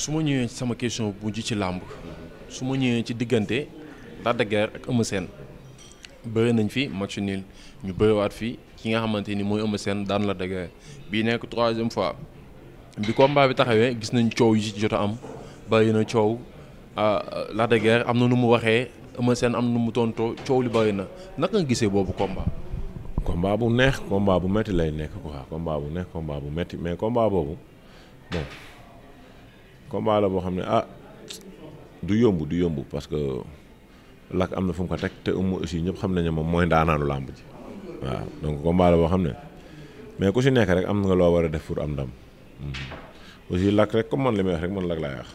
su ma ñëwee sama question bu ji ci làmb su ma ñëwee ci diggante Lac de Guiers ak Eumeu Sène bëri nañ fi match nul ñu bëriwaat fii ki nga xamante ni mooy Eumeu seen daan Lac de bii nekk troisième fois bi kombaa bi taxawee gis nañ coow yi ci jot a am bari na coow ah, Lac de Guiers am na nu mu waxee Eumeu Sène am na nu mu tontoo coow li bari na naka nga gisee boobu combat. combat bu neex combat bu métti lay nekk quoi combat bu neex combat bu métti mais combat boobu bon. combat la boo xam ne ah du yomb du yomb parce que Lac am na fu mu ko teg te Eumeu aussi ñëpp xam nañ ne moom mooy ndaanaanu làmb ji waaw donc combat la boo xam ne mais ku si nekk rek am nga loo war a def pour am ndam mm-hmm. aussi Lac rek comme man li may wax rek man Lac laay wax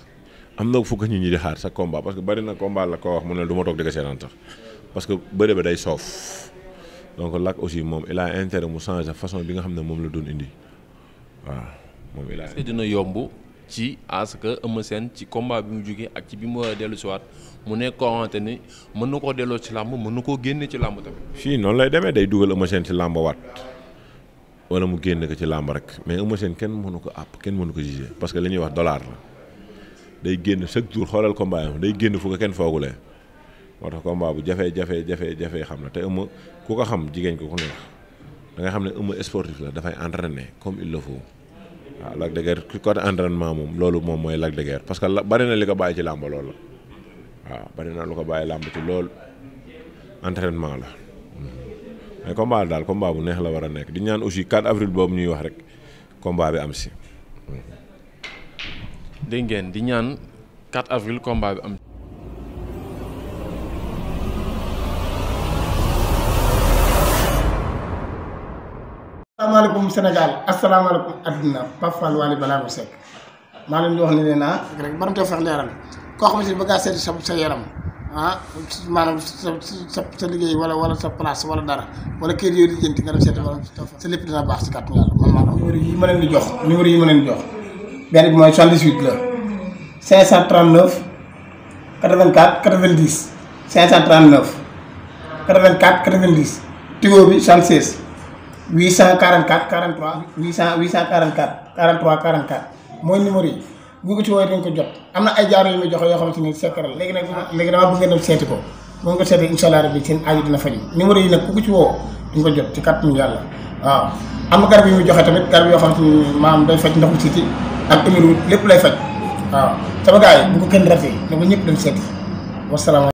am na fukk nit ñi di xaar sa combat parce que bari na combat la ko wax mu ne du ma toog di ko seetaan sax parce que bëre ba day soof donc Lac aussi moom il a intérêt mu changer façon bi nga xam ne moom la doon indi waaw moom il a. dina yomb. ci à ce que Eumeu Sène ci combat bi mu jugee ak ci bi mu war a dellu si waat mu nekk koo xamante ni mën na koo delloo ci làmb mën na koo génne ci làmb tamit. fii noonu lay demee day dugal Eumeu Sène ci làmb waat wala mu génn ko ci làmb rek mais Eumeu Sène kenn mënu ko àpp kenn mënu ko jugé parce que li ñuy wax dollar la day génn chaque jour xoolal combat yam day génn fu ko kenn foogulee moo tax combat bu jafee jafee jafee jafee xam na te Eumeu ku ko xam jigéen ko ku nekk nga xam ne Eumeu sportif la dafay entraîner comme il le waaw ah, Lac de Guiers ci côté entraînement moom loolu moom mooy Lac de Guiers parce que bari na li ko bàyyi ci làmb loolu la ah, waaw bari lu ko bàyyi làmb ci loolu entraînement la mm-hmm. mais combat daal combat bu neex la war a nekk di ñaan aussi 4 avril boobu ñuy wax rek combat bi am si. Mm-hmm. dégg di ñaan 4 avril combat bi am. asalaamaaleykum Sénégal asalaamaaleykum adduna Pape Fall Waly Ballago Seck maa leen di wax ne leen ah rek mën nga fex leeral koo xamante ni bëgg ngaa seeti sa sa yaram ah maanaam sa sa sa liggéey wala wala sa place wala dara wala kër yooyu di jënti nga dem seeti wala sa lépp dina baax si kàttu yàlla man maa doon. numéro yi ma leen di jox numéro yi ma leen di jox benn bi mooy 78 la 539 84 90 539 84 90 tigo bi 76. 844 43 800 844 43 44 mooy numéro yi bu ko ci woowee dañ ko jot am na ay jaaro yu muy joxe yoo xamante ni secret léegi nag léegi damaa bëgg ko bu nga nag ku am na garab yu joxe tamit garab yoo xamante ni maam day faj ndoxu siiti ak émiru lépp lay faj waaw sama gars yi bu ko kenn ratee ne ko ñëpp dem seeti wasalaamaaleykum